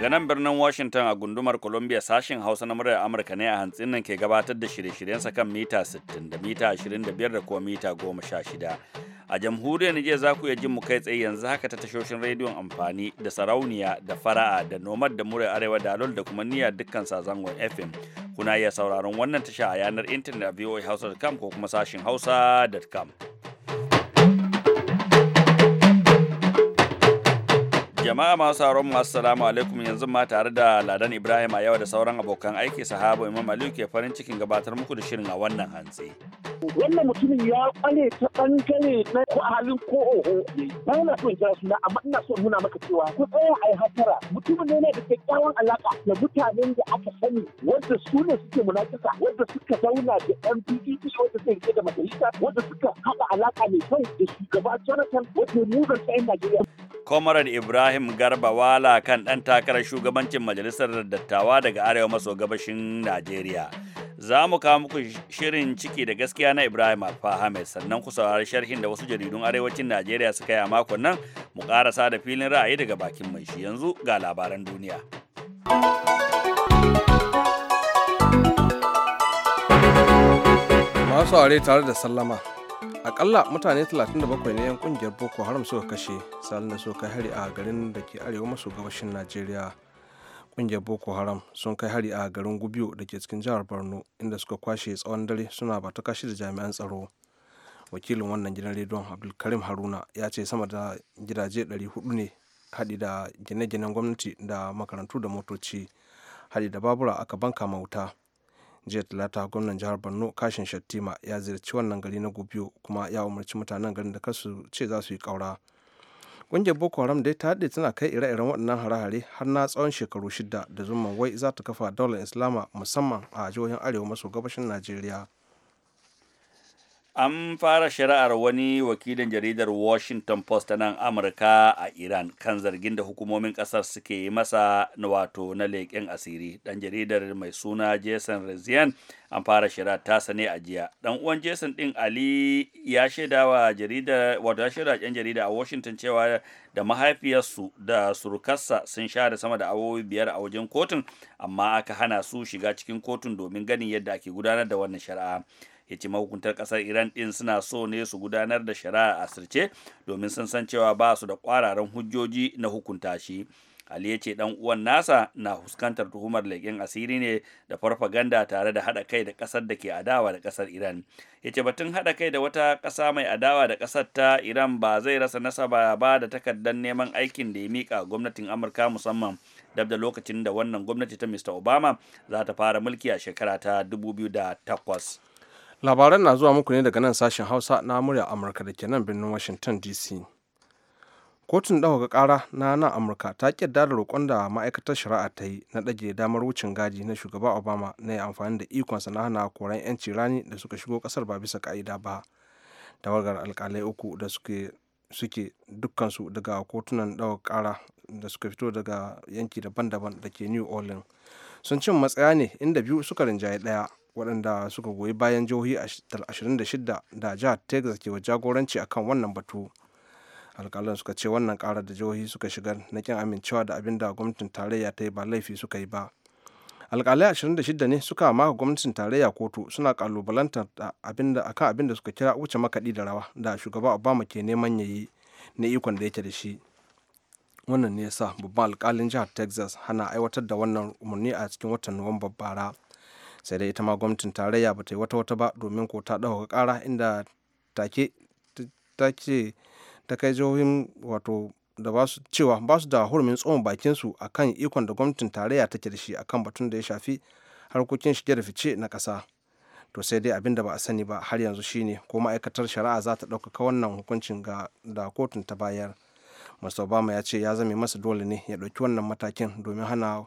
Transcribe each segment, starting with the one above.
Daga nan birnin Washington a gundumar Columbia sashen Hausa na muryar Amurka ne a hantsin nan ke gabatar da shirye-shiryensa kan mita 60 da mita 25 da kuma mita 16. A jamhuriyar Nijar za ku iya jin mu kai tsaye yanzu haka ta tashoshin rediyon amfani da sarauniya da fara'a da nomad da muryar arewa da alol da kuma niyyar dukkan sazangon FM. Kuna iya sauraron wannan tasha a yanar intanet a voahausa.com ko kuma sashin hausa.com. Jama'a masu sauran mu assalamu alaikum yanzu ma tare da Ladan Ibrahim a yau da sauran abokan aiki sahabo Imam Aliyu ke farin cikin gabatar muku da shirin a wannan hantsi. Wannan mutumin ya kware ta bangare na ko halin ko oho ne. Ba na son jira suna amma ina son nuna maka cewa ku tsaya a yi hasara. Mutumin ne da kyakkyawan alaka da mutanen da aka sani wanda su ne suke munafika wanda suka zauna da ɗan PDP wanda suke rike da majalisa wanda suka haɗa alaka mai kyau da shugaba Jonathan wanda mu zan Najeriya. Comrade Ibrahim Garba Wala kan ɗan takarar shugabancin Majalisar Dattawa daga Arewa maso gabashin Najeriya. Za mu kawo muku shirin ciki da gaskiya na Ibrahim Alfa Ahmed sannan ku saurari sharhin da wasu jaridun Arewacin Najeriya suka yi a makon nan mu karasa da filin ra'ayi daga bakin mai shi yanzu ga labaran duniya. Masu aure tare da sallama. akalla mutane 37 ne yan kungiyar boko haram suka kashe da suka kai hari a garin da ke arewa maso gabashin najeriya kungiyar boko haram sun kai hari a garin gubiyo da ke cikin jihar borno inda suka kwashe tsawon dare suna ba ta kashi da jami'an tsaro wakilin wannan gidan rediyon abdulkarim haruna ya ce sama da gidaje 400 ne haɗi da gine-ginen gwamnati da makarantu da motoci haɗi da babura aka banka mauta jiya talata gwamnan jihar borno kashin shattima ya ziyarci wannan gari na gubiyo kuma ya umarci mutanen garin da kasu ce za su yi kaura ƙungiyar boko haram dai ta haɗe tana kai ire-iren waɗannan hare-hare har na tsawon shekaru shida da zuman wai za ta kafa daular islama musamman a jihohin arewa maso gabashin najeriya an fara shari'ar wani wakilin jaridar washington post ta nan amurka a iran kan zargin da hukumomin kasar suke yi masa na wato na leƙen asiri dan jaridar mai suna jason rezian an fara shari'a tasa ne a jiya dan uwan jason din ali ya shaidawa jaridar wato ya yan jarida a washington cewa da mahaifiyarsu da surukarsa sun share sama da awowi biyar a wajen kotun amma aka hana su shiga cikin kotun domin ganin yadda ake gudanar da wannan shari'a ya ce mahukuntar kasar iran din suna so ne su gudanar da shari'a a asirce domin sun san cewa ba su da kwararan hujjoji na hukunta shi ali ya ce dan uwan nasa na fuskantar tuhumar leƙen asiri ne da farfaganda tare da haɗa kai da ƙasar da ke adawa da ƙasar iran ya ce batun haɗa kai da wata ƙasa mai adawa da ƙasar ta iran ba zai rasa nasaba ba da takardar neman aikin da ya miƙa gwamnatin amurka musamman dab da lokacin da wannan gwamnati ta mr obama za ta fara mulki a shekara ta 2008 labaran na zuwa muku ne daga nan sashen hausa na murya amurka da ke nan birnin washington dc kotun ɗaukaka ƙara na nan amurka ta ƙirda da roƙon da ma'aikatar shari'a ta yi na ɗage damar wucin gadi na shugaba obama na yi amfani da ikonsa na hana koran 'yanci rani da suka shigo ƙasar ba bisa ka'ida ba tawagar alƙalai uku da suke suke dukkansu daga kotunan ɗaukaka ƙara da suka fito daga yanki daban-daban da ke new orleans sun cin matsaya ne inda biyu suka rinjaye ɗaya waɗanda suka goyi bayan jihohi 26 da jihar texas ke wa jagoranci akan wannan batu alƙalan suka ce wannan ƙarar da jihohi suka shigar na kin amincewa da abin da gwamnatin tarayya ta yi ba laifi suka yi ba alƙalai 26 ne suka maka gwamnatin tarayya kotu suna ƙalubalantar akan abin da suka kira wuce makaɗi da rawa da shugaba obama ke neman ya yi na ikon da yake da shi wannan ne yasa babban alkalin jihar texas hana aiwatar da wannan umarni a cikin watan nuwamba bara sai dai ita ma gwamnatin tarayya ba ta yi wata wata ba domin ko ta ɗauka ƙara inda take ta ce ta kai jihohin wato da ba su cewa ba su da hurumin tsohon bakin su akan ikon da gwamnatin tarayya take da shi akan batun da ya shafi harkokin shige da fice na ƙasa to sai dai abin da ba a sani ba har yanzu shine ko ma'aikatar shari'a za ta ɗaukaka wannan hukuncin ga da kotun ta bayar mr obama ya ce ya zame masa dole ne ya ɗauki wannan matakin domin hana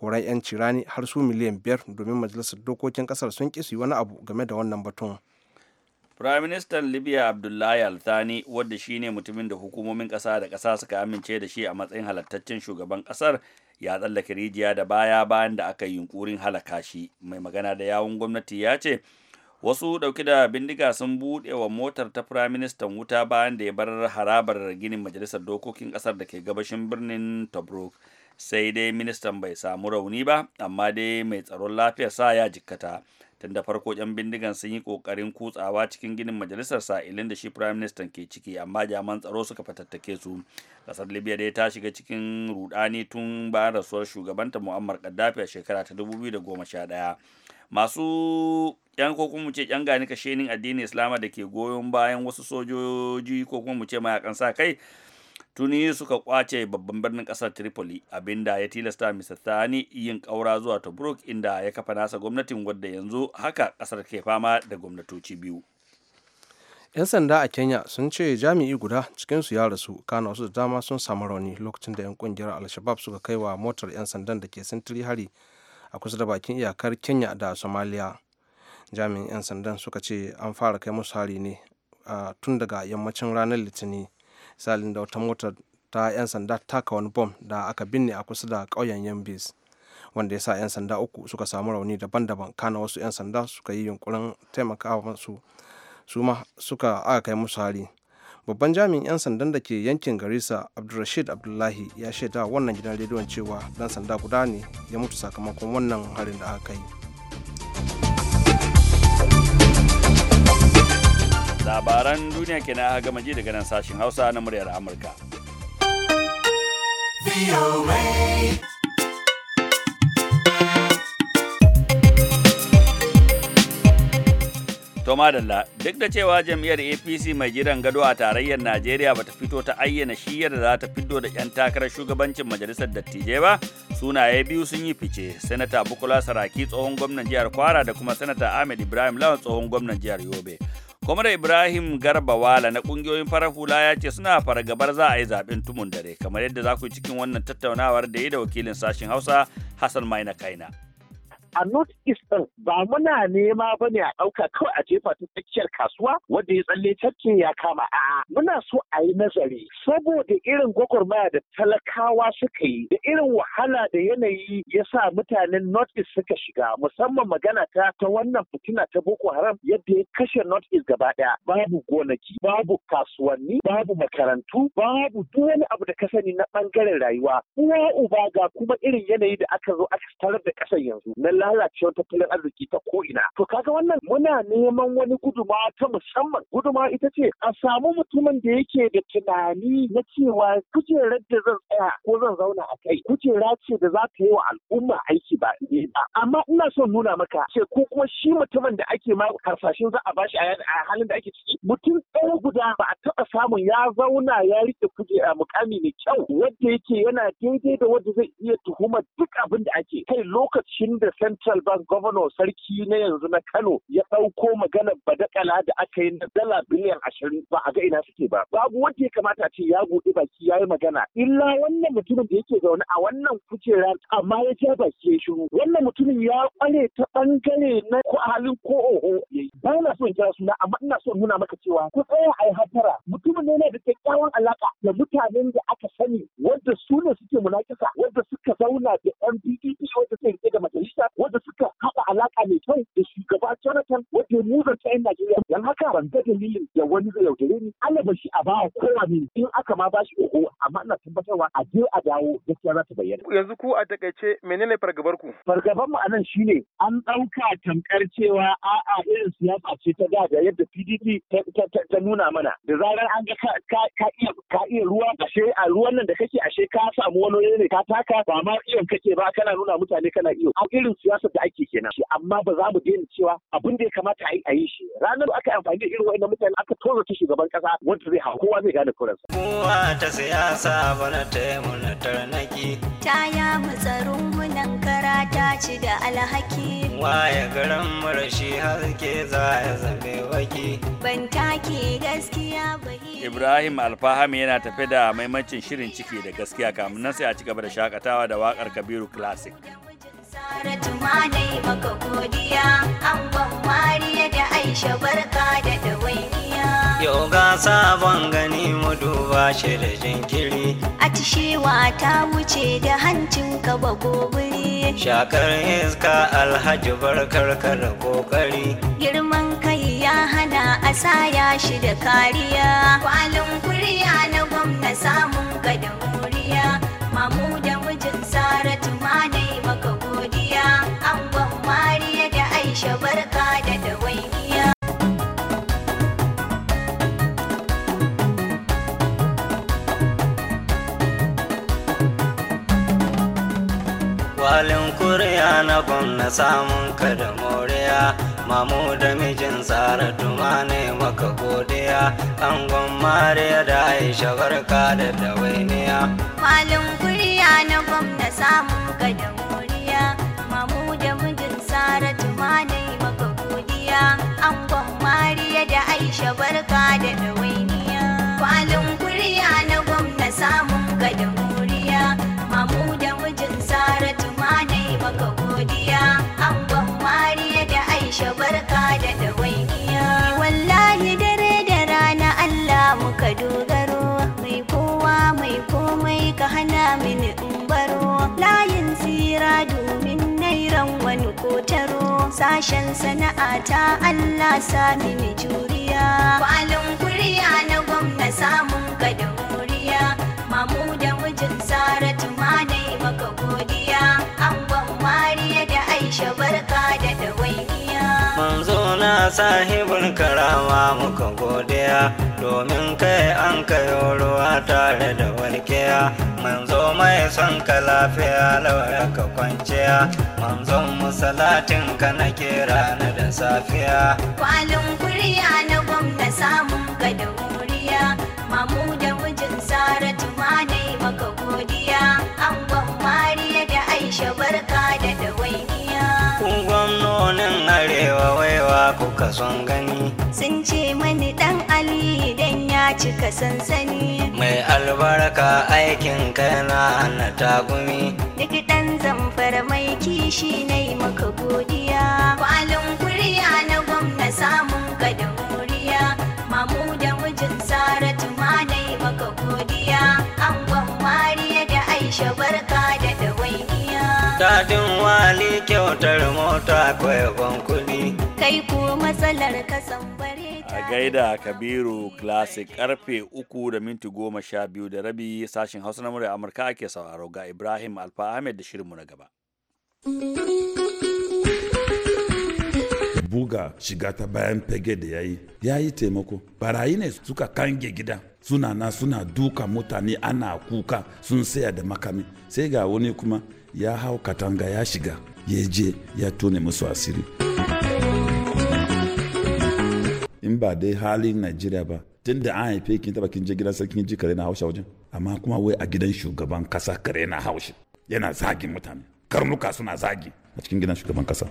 koran 'yan rani har su miliyan biyar domin majalisar dokokin kasar sun ƙi su yi wani abu game da wannan batun. Firaministan Libya Abdullahi Althani wadda shi ne mutumin da hukumomin ƙasa da ƙasa suka amince da shi a matsayin halattaccen shugaban ƙasar ya tsallake rijiya da baya bayan da aka yi yunkurin halaka shi. Mai magana da yawun gwamnati ya ce wasu ɗauke da bindiga sun buɗe wa motar ta firaministan wuta bayan da ya bar harabar ginin majalisar dokokin ƙasar da ke gabashin birnin Tobruk. sai dai ministan bai samu rauni ba amma dai mai tsaron lafiyar sa ya jikkata tun da farko yan bindigan sun yi kokarin kutsawa cikin ginin majalisar sa'ilin da shi prime minister ke ciki amma jaman tsaro suka fatattake su ƙasar libya dai ta shiga cikin rudani tun bayan rasuwar shugabanta muammar gaddafi a shekara ta 2011 masu yan ko kuma ce yan gani ni addinin islama da ke goyon bayan wasu sojoji ko kuma mu ce mayakan sa kai tuni suka kwace babban birnin kasar tripoli abinda ya tilasta mr thani yin kaura zuwa tobruk inda ya kafa nasa gwamnatin wadda yanzu haka kasar ke fama da gwamnatoci biyu 'yan sanda a kenya sun ce jami'i guda cikinsu ya rasu kana wasu da dama sun samu rauni lokacin da 'yan kungiyar al-shabab suka kai wa motar 'yan sandan da ke sintiri hari a kusa da bakin iyakar kenya da somalia jami'in 'yan sandan suka ce an fara kai musu hari ne tun daga yammacin ranar litinin salin da wata mota ta 'yan sanda taka wani bom da aka binne a kusa da ƙauyen yambis wanda ya sa 'yan sanda uku suka samu rauni daban-daban kana wasu 'yan sanda suka yi yunkurin taimakawa masu su ma suka aka kai musu hari babban jami'in 'yan sandan da ke yankin garisa abdulrashid abdullahi ya shaida wannan gidan rediyon cewa dan sanda guda ne ya mutu sakamakon wannan harin da aka yi labaran duniya kenan aka gama ji daga nan sashen hausa na muryar amurka madalla duk da cewa jam'iyyar APC mai gidan gado a tarayyar Najeriya bata fito ta ayyana shiyar da za ta fito da 'yan takarar shugabancin majalisar dattijai ba, sunaye biyu sun yi fice, Sanata Bukola Saraki tsohon gwamnan jihar Kwara da kuma Sanata Ahmed Ibrahim Lawan tsohon gwamnan jihar Yobe. Kwamar Ibrahim Garba Wala na kungiyoyin farar hula ya ce suna fargabar za a yi zaɓen tumun dare kamar yadda za ku yi cikin wannan tattaunawar da yi da wakilin sashen Hausa Hassan Maina Kaina. a north east ɗin, ba muna nema ba ne a ɗauka kawai a jefa ta tsakiyar kasuwa wanda ya tsalle cacce ya kama a'a muna so a yi nazari saboda irin gwagwarmaya da talakawa suka yi da irin wahala da yanayi ya sa mutanen north east suka shiga musamman magana ta ta wannan fitina ta boko haram yadda ya kashe north east gaba ɗaya babu gonaki babu kasuwanni babu makarantu babu duk wani abu da ka sani na ɓangaren rayuwa uwa uba ga kuma irin yanayi da aka zo aka tarar da ƙasar yanzu na lalacewar tattalin arziki ta ina? To kaga wannan muna neman wani guduma ta musamman. Guduma ita ce a samu mutumin da yake da tunani na cewa kujerar da zan tsaya ko zan zauna a kai kujera ce da za ta yi wa al'umma aiki ba amma ina son nuna maka ce ko kuma shi mutumin da ake ma Karfashin za a bashi a halin da ake ciki mutum ɗaya guda ba a taɓa samun ya zauna ya riƙe kujera mukami mai kyau wanda yake yana daidai da wanda zai iya tuhumar duk abin da ake kai lokacin da central bank governor sarki na yanzu na kano ya ɗauko maganar badakala da aka yi na dala biliyan ashirin ba a ga ina suke ba babu wanda ya kamata ce ya buɗe baki ya yi magana illa wannan mutumin da yake zaune a wannan kujera amma ya ja baki ya shiru wannan mutumin ya kware ta bangare na ko halin ko oho ba na son kira suna amma ina son nuna maka cewa ku tsaya a yi hatara mutumin ne da kyakkyawan alaka da mutanen da aka sani wanda su ne suke munakisa wanda suka zauna da yan wanda suke da majalisa What the fuck? alaka mai kyau da shugaba Jonathan wanda ya muza ta yan Najeriya. Yan haka ban ga dalilin da wani zai yaudare ni. Allah ba shi a ba kowa ne in aka ma ba shi oho amma ina tabbatarwa a je a dawo gaskiya za ta bayyana. Yanzu ku a takaice menene fargabar ku? Fargabar mu anan shine an ɗauka tamkar cewa a'a irin siyasa ce ta da yadda PDP ta nuna mana. Da zarar an ga ka iya ka iya ruwa ashe a ruwan nan da kake ashe ka samu wani ne ka taka ba ma iyon kake ba kana nuna mutane kana iyo. A irin siyasa da ake kenan. shi amma ba za mu daina cewa abin da ya kamata a yi a yi shi ranar da aka amfani da irin wa'in mutane aka tona ta shugaban kasa wanda zai hau kowa zai gane kuransa. kowa ta siyasa bana ta yi muna tarnaki. ta ya mu tsaron munan kara ta ci da alhaki. waye garan marashi haske za ya zame waki. ban take gaskiya ba. ibrahim alfahami yana tafe da maimacin shirin ciki da gaskiya kamun nan sai a ci gaba da shakatawa da wakar kabiru classic. Yau ga sabon gani mu duba shi da jinkiri. Atishewa ta wuce da hancin ka ba gobiri. Shakar iska alhaji barkar ka da kokari. Girman kai ya hana a saya shi da kariya. Kwalin kuriya na gwamna samun ka da mu. Aisha barka da dawainiya. Walin kuriya na gwamna samun ka da moriya, mamu da mijin tsara tuma ne maka godiya, angon mariya da aisha barka da dawainiya. Walin kuriya na gwamna samun ka da Aisha barka da ɗawainiya. Kwalin kuriya na gwamna samun ka da muriya. Mamu da mijin Saratu ma dai maka godiya. Angon Mariya da Aisha barka da ɗawainiya. Wallahi dare da rana Allah muka dogaro. Mai kowa mai komai ka hana mini in baro. Layin tsira domin nairan wani kotaro. Sashen sana'a ta Allah sa mini juri. kwalin kuriya na gwamna samun ka da muriya mamu da mijin saratu ma dai maka godiya angon mariya da aisha barka da dawainiya manzo na sahibin karama muka godiya domin kai an kayo ruwa tare da walkiya manzo mai son ka lafiya laura ka kwanciya manzon musalatin ka na kira na da safiya kwalin kuriya samun ka da wuriya mamu da mijin saratu ma dai maka godiya angon mariya da aisha barka da dawainiya kun gwamnonin arewa waiwa kuka son gani sun ce mani dan ali dan ya cika sansani mai albarka aikin kana na tagumi duk dan zamfara mai kishi na maka godiya kwalin kuriya na gwamna samun mashi wali kyautar mota kwaikon bankuni. Kai ko matsalar kasan bare A gaida Kabiru Classic karfe uku da minti goma sha biyu da rabi sashen Hausa na murya Amurka ake sauraro ga Ibrahim Alfa Ahmed da shirinmu na gaba. Buga shiga ta bayan fage da ya yi, ya yi taimako. Barayi ne suka kange gida. suna na suna duka mutane ana kuka sun saya da makami sai ga wani kuma ya hau katanga ya shiga ya je ya tone musu asiri in ba dai halin najeriya ba tun da an haife kin taba kin je gidan sarki ji kare na hausa wajen amma kuma wai a gidan shugaban kasa kare na hausa. yana zagin mutane karnuka suna zagi a cikin gidan shugaban kasa.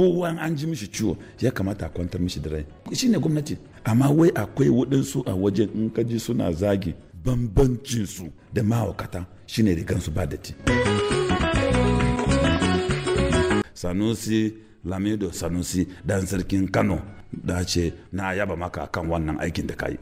kowa an ji mishi ciwo ya kamata a kwantar mishi da rai ne gwamnati amma wai akwai waɗansu a wajen in ka ji suna zagi bambancinsu da mahaukata shine rigansu ba datti sanusi lamido sanusi dan sarkin kano da ce na yaba maka kan wannan aikin da kayi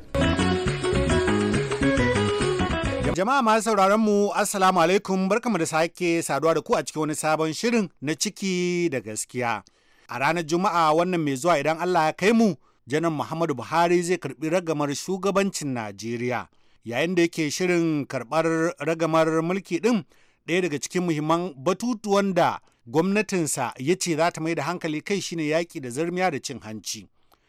jama'a masu sauraron mu assalamu alaikum barkamu da sake saduwa da ku a cikin wani sabon shirin na ciki da gaskiya a ranar juma'a wannan mai zuwa idan allah ya kai mu janar muhammadu buhari zai karbi ragamar shugabancin najeriya yayin da yake shirin karbar ragamar mulki din ɗaya daga cikin muhimman batutuwan da gwamnatinsa ya ce za ta mai da hankali kai shine yaƙi da zarmiya da cin hanci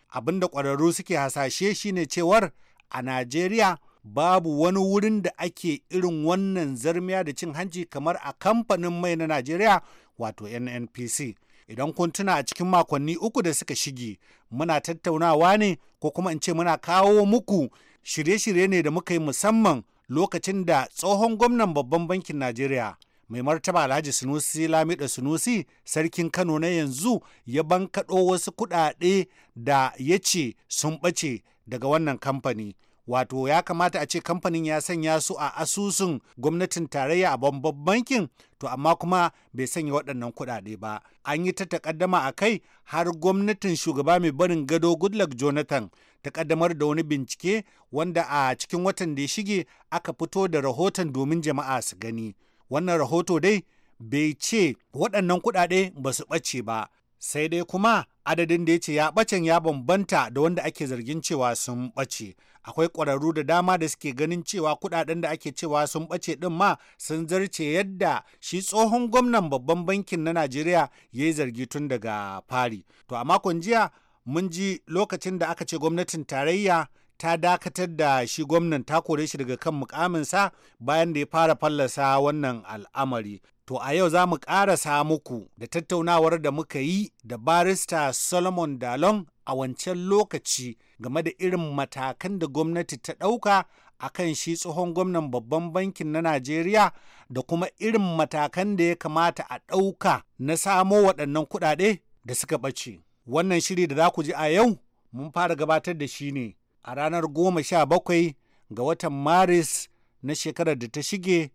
abin da ƙwararru suke hasashe shine cewar a najeriya babu wani wurin da ake irin wannan zarmiya da cin hanci kamar a kamfanin mai na najeriya wato nnpc idan kun tuna a cikin makonni uku da suka shige muna tattaunawa ne ko kuma in ce muna kawo muku shirye-shirye ne da muka yi musamman lokacin da tsohon gwamnan babban bankin najeriya mai martaba alhaji sunusi lamida sunusi sarkin kano na yanzu ya bankaɗo wasu kuɗaɗe da ya ce sun ɓace daga wannan kamfani wato ya kamata a ce kamfanin ya sanya su a asusun gwamnatin tarayya a babban bankin to amma kuma bai sanya waɗannan kuɗaɗe ba an yi ta takaddama a kai har gwamnatin shugaba mai barin gado goodluck jonathan takaddamar da wani bincike wanda a cikin watan da ya shige aka fito da rahoton domin jama'a su gani wannan rahoto dai bai ce waɗannan kuɗaɗe ba su ɓace ba sai dai kuma adadin da ya ce ya bacen ya bambanta da wanda ake zargin cewa sun ɓace akwai ƙwararru da dama da suke ganin cewa kuɗaɗen da ake cewa sun ɓace ɗin ma sun zarce yadda shi tsohon gwamnan babban bankin na najeriya ya yi zargi tun daga fari to a makon jiya mun ji lokacin da aka ce gwamnatin tarayya ta dakatar da shi gwamnan ta kore shi daga kan mukaminsa bayan da ya fara fallasa wannan al'amari. To a yau za mu ƙarasa muku da tattaunawar da muka yi da barista Solomon Dalon a wancan lokaci game da irin matakan da gwamnati ta ɗauka a kan shi tsohon gwamnan babban bankin na Najeriya da kuma irin matakan da ya kamata a ɗauka na samo waɗannan kuɗaɗe da suka ɓace. Wannan shiri da za ku ji a yau mun fara gabatar da shi ne a ranar goma sha bakwai ga watan maris na shekarar da ta shige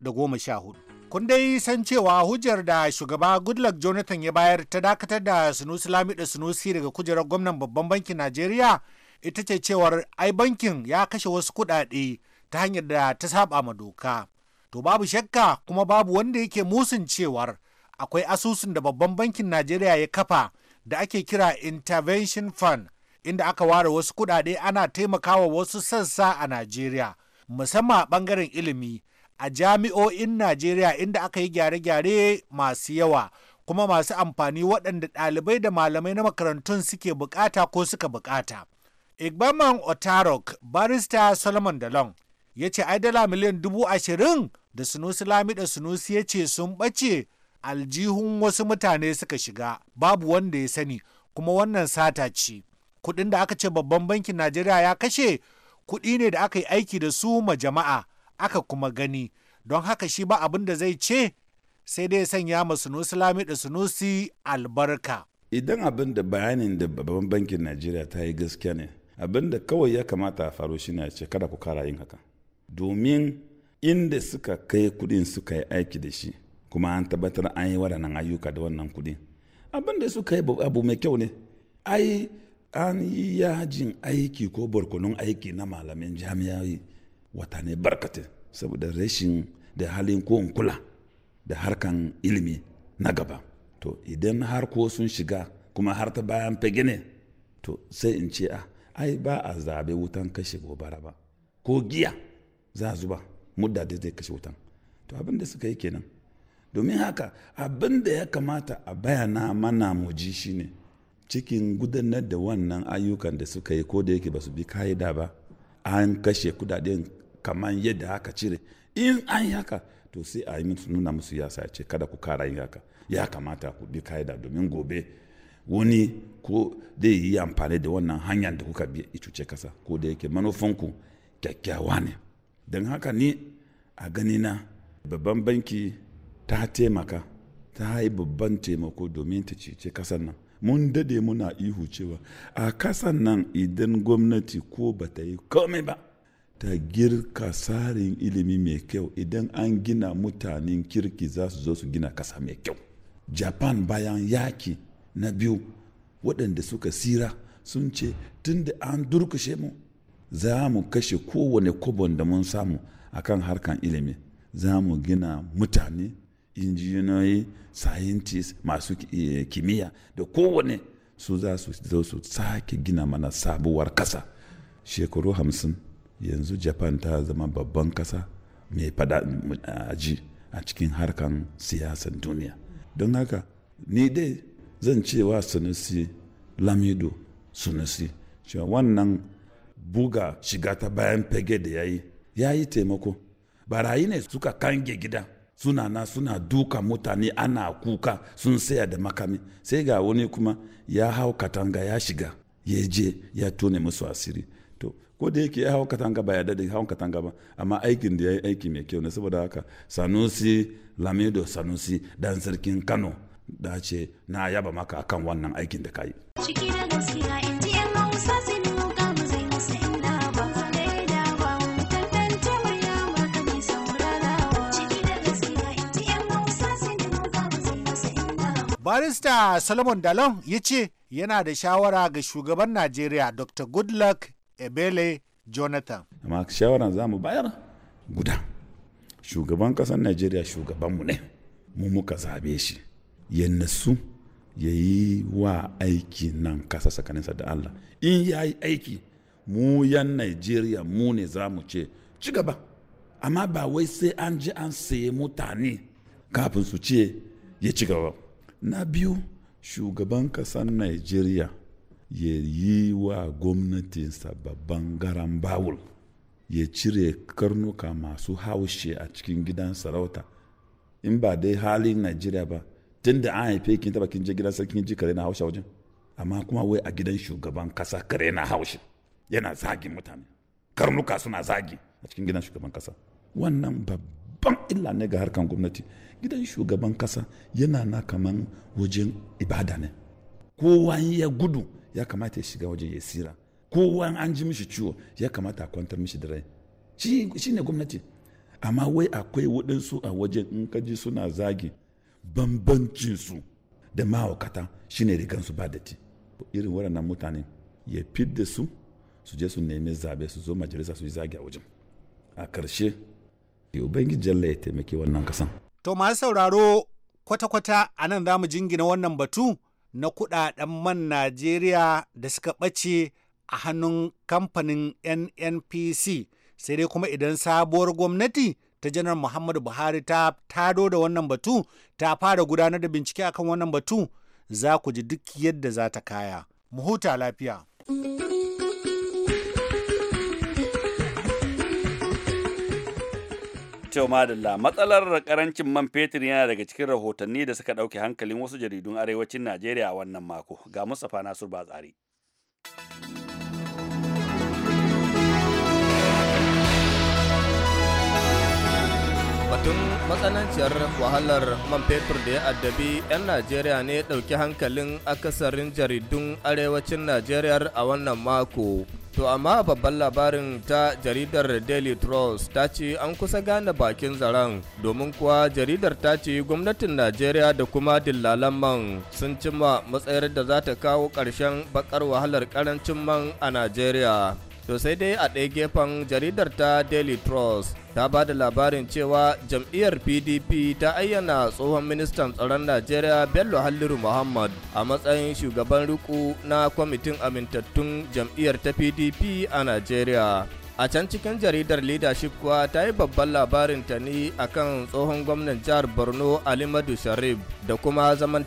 da goma sha hudu. Kun dai san cewa hujjar da shugaba Goodluck Jonathan ya bayar ta dakatar da Sunusi da Sunusi daga kujerar gwamnan babban bankin Najeriya ita ce cewar ai bankin ya kashe wasu kuɗaɗe ta hanyar da ta saba ma doka. To babu shakka kuma babu wanda yake musun cewar akwai asusun da babban bankin Najeriya ya kafa da ake kira Intervention Fund inda aka ware wasu kuɗaɗe ana taimakawa wasu sassa a Najeriya, musamman a ɓangaren ilimi, a jami'o'in Najeriya inda aka yi gyare-gyare masu yawa, kuma masu amfani waɗanda ɗalibai da malamai na makarantun suke bukata ko suka bukata. Igbaman Otarok, barista Solomon Dalon, ya ce ai dala miliyan dubu ashirin da Sunusi Lami da Sunusi ya ce sun ɓace aljihun wasu mutane suka shiga, babu wanda ya sani, kuma wannan sata ce. kuɗin da aka ce babban bankin najeriya ya kashe kuɗi ne da aka yi aiki da su ma jama'a aka kuma gani don haka shi ba abin da zai ce sai dai sanya ma sunusi lami da sunusi albarka idan abin da bayanin da babban bankin najeriya ta yi gaskiya ne abin da kawai ya kamata a faru shi ne ce kada ku kara yin haka domin inda suka kai kuɗin suka yi aiki da shi kuma an tabbatar an yi waɗannan ayyuka da wannan kuɗi abin da suka yi abu mai kyau ne ai an yi yajin aiki ko barkonon aiki na malamin jami'ai watanni barkatin saboda rashin da halin ko kula da harkan ilimi na gaba to idan har ko sun shiga kuma har ta bayan fage ne to sai in ce a ah, ai ba a zabe wutan kashe gobara ba ko giya za zuba mudda da zai kashe wutan to abin da suka yi kenan domin haka abin da ya kamata a bayana mana muji shine shine cikin gudanar da wannan ayyukan da suka yi ko da yake ba su bi ka'ida ba an kashe kudaden kamar yadda aka cire in an yi haka to sai a yi nuna musu ya ce kada ku kara yin haka ya kamata ku bi ka'ida domin gobe wani ko zai yi amfani da wannan hanyar da kuka bi icuce kasa ko da yake manufanku kyakkyawa ne don haka ni a gani na babban banki ta taimaka ta yi babban taimako domin ta cece kasar nan mun dade muna ihu cewa a kasan nan idan gwamnati ko ba ta yi komai ba ta girka tsarin ilimi mai kyau idan an gina mutanen kirki za su zo su gina kasa mai kyau japan bayan yaki na biyu waɗanda suka sira sun ce tun da an durkushe mu za mu kashe kowane kobon da mun samu akan harkan ilimi za mu gina mutane injiniyoyi scientists masu eh, kimiyya da kowane su za su zo su sake gina mana sabuwar kasa shekaru hamsin yanzu japan ta zama babban kasa mai fada aji a cikin harkan siyasan duniya don haka ni dai zan cewa sunusi lamido sunusi cewa wannan buga shiga ta bayan fage da ya yi ya yi taimako barayi ne suka kange gida suna na suna duka mutane ana kuka sun saya da makami sai ga wani kuma ya hau katanga ya shiga ya je ya tone musu asiri to ko da yake ya hau katanga ba ya dade hau katanga ba amma aikin da ya yi aiki mai kyau ne saboda haka sanusi lamido sanusi dan sarkin kano da ce na yaba maka akan wannan aikin da ka yi. barista solomon dalon ya ce yana da shawara ga shugaban najeriya dr goodluck ebele jonathan amma shawara za mu bayar guda shugaban kasar najeriya mu ne mu muka zabe shi ya nasu ya yi wa aiki nan kasa tsakaninsa da allah in ya yi aiki mu yan najeriya mu ne za mu ce ci gaba amma ba wai sai an ji an saye mutane kafin su ce ya ci gaba na biyu shugaban kasar nigeria ya yi wa gwamnatinsa babban garan bawul ya cire karnuka masu haushe a cikin gidan sarauta in ba dai halin nigeria ba tun da an haife kin taba kin je gidan sarki ji kare na haushe wajen amma kuma wai a gidan shugaban kasa kare na haushe yana zagin mutane karnuka suna zagi a cikin gidan shugaban kasa wannan babban babban illa ne ga harkan gwamnati gidan shugaban kasa yana na kaman wajen ibada ne kowa ya gudu ya kamata ya shiga wajen ya sira kowa an ji mishi ciwo ya kamata a kwantar mishi da rai shi ne gwamnati amma wai akwai waɗansu a wajen in ji suna zagi bambancinsu da ma'aikata shine rigansu ba datti irin waɗannan mutane ya fidda su su je su nemi zaɓe su zo majalisa su yi zagi a wajen a ƙarshe ubangiji Allah ya taimaki wannan kasan to masu sauraro kwata-kwata a nan za mu jingina wannan batu na kudaden man najeriya da suka ɓace a hannun kamfanin nnpc sai dai kuma idan sabuwar gwamnati ta janar muhammadu buhari ta tado da wannan batu ta fara gudanar da bincike akan wannan batu za ku ji duk yadda za ta kaya mu huta lafiya. To madalla matsalar karancin man fetur yana daga cikin rahotanni da suka ɗauke hankalin wasu jaridun arewacin Najeriya a wannan mako ga Mustapha Nasur Batsari. batun matsananciyar wahalar man fetur da ya addabi 'yan najeriya ne ɗauki hankalin akasarin jaridun arewacin najeriya a wannan mako to amma babban labarin ta jaridar daily trust ta ce an kusa gane bakin zaren domin kuwa jaridar ta ce gwamnatin najeriya da kuma dillalan man sun cimma matsayar da za ta kawo ƙarshen bakar wahalar ƙarancin man a najeriya to sai dai a ɗaya gefen jaridar ta daily trust ta ba da labarin cewa jam'iyyar pdp ta ayyana tsohon ministan tsaron najeriya bello halliru muhammad a matsayin shugaban riko na kwamitin amintattun jam'iyyar ta pdp a najeriya a can cikin jaridar leadership kuwa ta yi babban labarin ta ne kan tsohon gwamnan jihar borno alimadu sharif da kuma zaman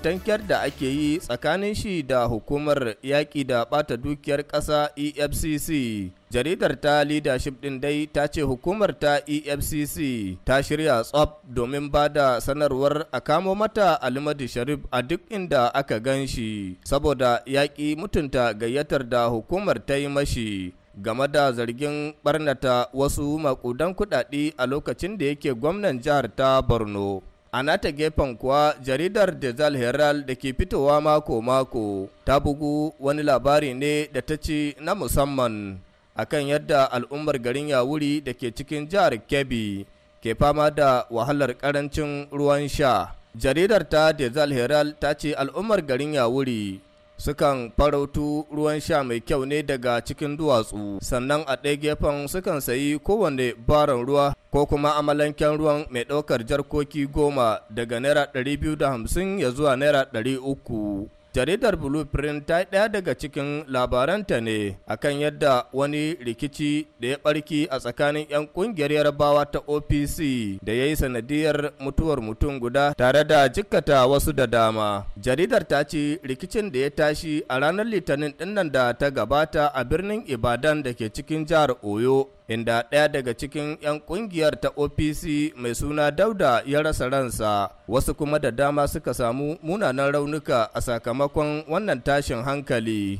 da ake yi tsakanin shi da hukumar yaƙi da ɓata dukiyar ƙasa efcc jaridar ta leadership ɗin dai ta ce hukumar ta efcc ta shirya tsof domin ba da sanarwar a kamo mata alimadu sharif a duk inda aka gan shi saboda yaƙi mutunta gayyatar da hukumar ta yi mashi game da zargin barnata wasu makudan kudade a lokacin da yake gwamnan jihar ta borno a nata gefen kuwa jaridar dezal herald da ke fitowa mako-mako ta bugu wani labari ne da ta ci na musamman akan yadda al'ummar garin yawuri da ke cikin jihar kebbi ke fama da wahalar karancin ruwan sha jaridar ta dezal herald ta ce al'ummar garin yawuri sukan farautu ruwan sha mai kyau ne daga cikin duwatsu sannan a ɗaya gefen sukan sayi kowane baron ruwa ko kuma amalanken ruwan mai ɗaukar jarkoki goma daga naira 250 ya zuwa naira 300 jaridar blueprint ta yi ɗaya daga cikin labaranta ne akan yadda wani rikici da ya ɓarki a tsakanin 'yan ƙungiyar yarbawa ta opc da ya yi sanadiyar mutuwar mutum guda tare da jikkata wasu da dama jaridar ta ci rikicin da ya tashi a ranar litinin ɗinnan da ta gabata a birnin ibadan da ke cikin jihar oyo inda ɗaya daga cikin 'yan ƙungiyar ta opc mai suna dauda ya rasa ransa wasu kuma da dama suka samu munanan raunuka a sakamakon wannan tashin hankali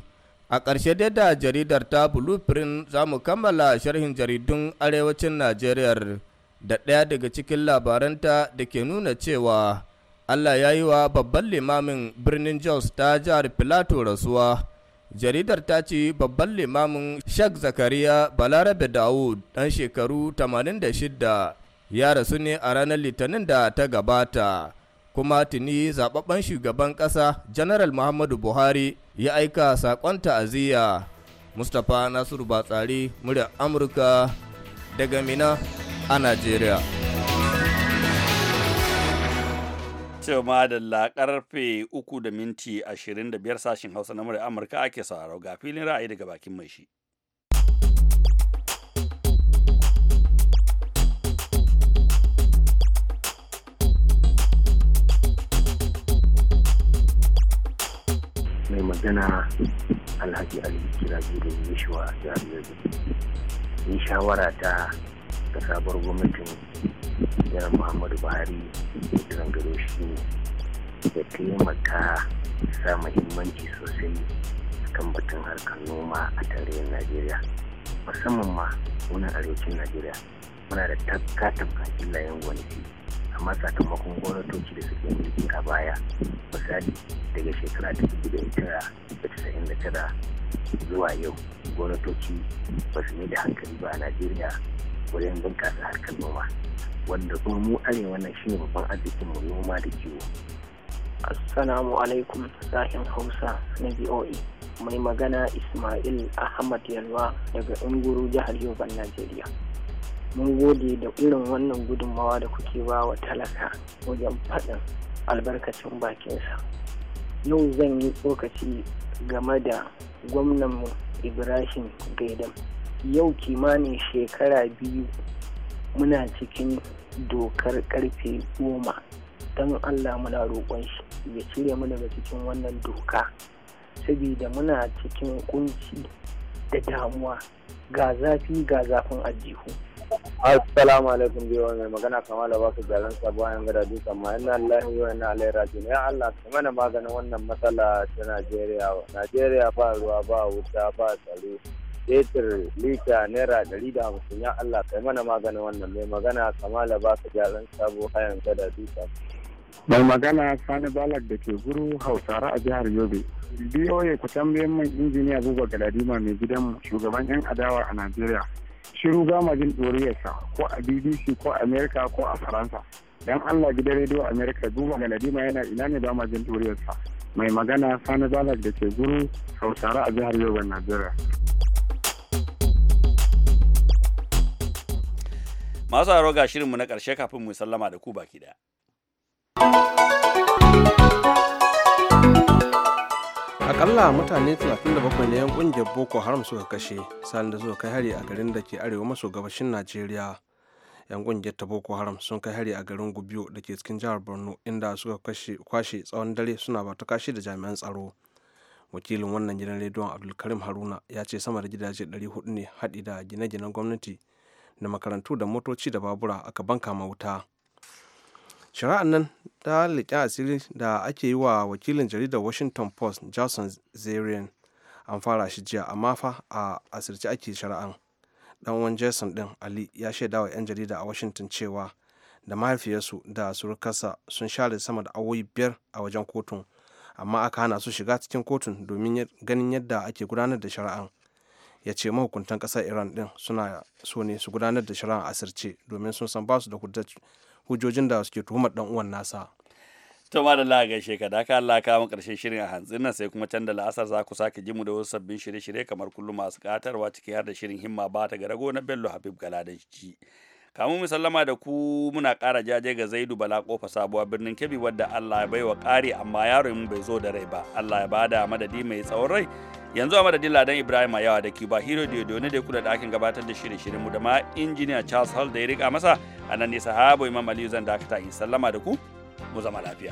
a ƙarshe dai da jaridar ta blueprint za mu kammala sharhin jaridun arewacin najeriya da ɗaya daga cikin labaranta da ke nuna cewa allah ya yi wa babban limamin birnin jos ta jihar filato rasuwa jaridar ta ce babban limamin Sheikh Zakariya Balarabe Dawud ɗan shekaru 86 ya rasu ne a ranar Litinin da ta gabata. Kuma tuni zababben shugaban ƙasa Janaral Muhammadu Buhari ya aika saƙon ta'aziyya. Mustapha Nasiru Batsari, murya Amurka daga Mina a nigeria. ma madalla karfe uku da minti ashirin da biyar sashen Hausa na murar Amurka ake sauraro ga filin ra'ayi daga bakin mai shi. mai magana alhaji alhaji kira da yashuwa jami'ar yi shawara ta ta sabar gwamnatin jiran muhammadu buhari da zangaro shi ne, ya taimaka sa mahimmanci sosai kan batun harkar noma a tarihin najeriya musamman ma wani arewacin najeriya muna da tafka tafkan filayen gwamnati amma sakamakon gwamnatoci da suke mulki a baya misali daga shekara ta dubu da casa'in da tara zuwa yau gwamnatoci ba su mai da hankali ba a najeriya wajen bunƙasa harkar noma wanda kuma mu arewa nan shine babban arzikin mu noma da kiwo assalamu alaikum sahin hausa na voa mai magana ismail ahmad yalwa daga unguru jihar yoban najeriya mun gode da irin wannan gudunmawa da kuke ba wa talaka wajen faɗin albarkacin bakinsa yau zan yi tsokaci game da gwamnanmu ibrahim gaidan yau kimanin shekara biyu muna cikin dokar karfe goma don allah muna roƙon shi ya cire mu daga cikin wannan doka saboda muna cikin kunci da damuwa ga zafi ga zafin ajihu assalamu alaikum biyu mai magana kama da su garin sabuwan gada duka ma ina lahi wa ina alai rajin ya allah ka mana maganin wannan matsala ta najeriya najeriya ba ruwa ba wuta ba tsaro fetur lita naira ɗari da hamsin ya Allah kai mana maganin wannan mai magana kamala ba ka jalan sabo hayan gada duka. Mai magana Sani Balak da ke guru Hausare a jihar Yobe. BOA ku tambayen mai injiniya Buba Galadima mai gidan shugaban 'yan adawa a Najeriya. Shiru gama jin ɗoriyarsa ko a BBC ko Amerika ko a Faransa. Dan Allah gidan rediyo Amerika Buba Galadima yana ina ne ba ma ɗoriyarsa. Mai magana Sani Balak da ke guru Hausare a jihar Yobe, Najeriya. masu aro ga shirinmu na ƙarshe kafin mu sallama da ku baki ɗaya. akalla mutane 37 ne yan kungiyar boko haram suka kashe sani da suka kai hari a garin da ke arewa maso gabashin najeriya yan kungiyar ta boko haram sun kai hari a garin gubiyo da ke cikin jihar borno inda suka kwashe tsawon dare suna ba ta kashi da jami'an tsaro wakilin wannan gidan rediyon abdulkarim haruna ya ce sama da gidaje 400 ne haɗi da gine-ginen gwamnati da makarantu da motoci da babura aka banka ma wuta shari'ar nan ta liƙe asiri da ake yi wa wakilin jaridar washington post jason zarian an fara shi jiya amma fa a asirce ake shari'an dan uwan jason din ali ya shaida wa 'yan jarida a washington cewa da mahaifiyarsu da surukarsa sun share sama da awoyi biyar a wajen kotun amma aka hana su shiga cikin kotun domin ganin yadda ake gudanar da shari'an ya ce mahukuntan kasar iran din suna so ne su gudanar da shari'a asirce domin sun san basu da hujjojin da suke tuhumar dan uwan nasa to ma da Allah gaishe ka da ka Allah karshen shirin a hantsin nan sai kuma can da la'asar za ku sake ji mu da wasu sabbin shirye-shirye kamar kullum masu katarwa ciki har da shirin himma ba ta rago na Bello Habib Galadanci kamun mu sallama da ku muna kara jaje ga Zaidu Bala kofa sabuwa birnin Kebbi wadda Allah ya baiwa ƙari amma yaron bai zo da rai ba Allah ya bada madadi mai tsawon rai yanzu a madadin ladan ibrahim a yawa da ba hero yadda da kula da akin gabatar da shirin shirin mu da ma injiniya charles hall da ya rika masa a nan ne sahabo imam aliyu zan dakata in sallama da ku mu zama lafiya.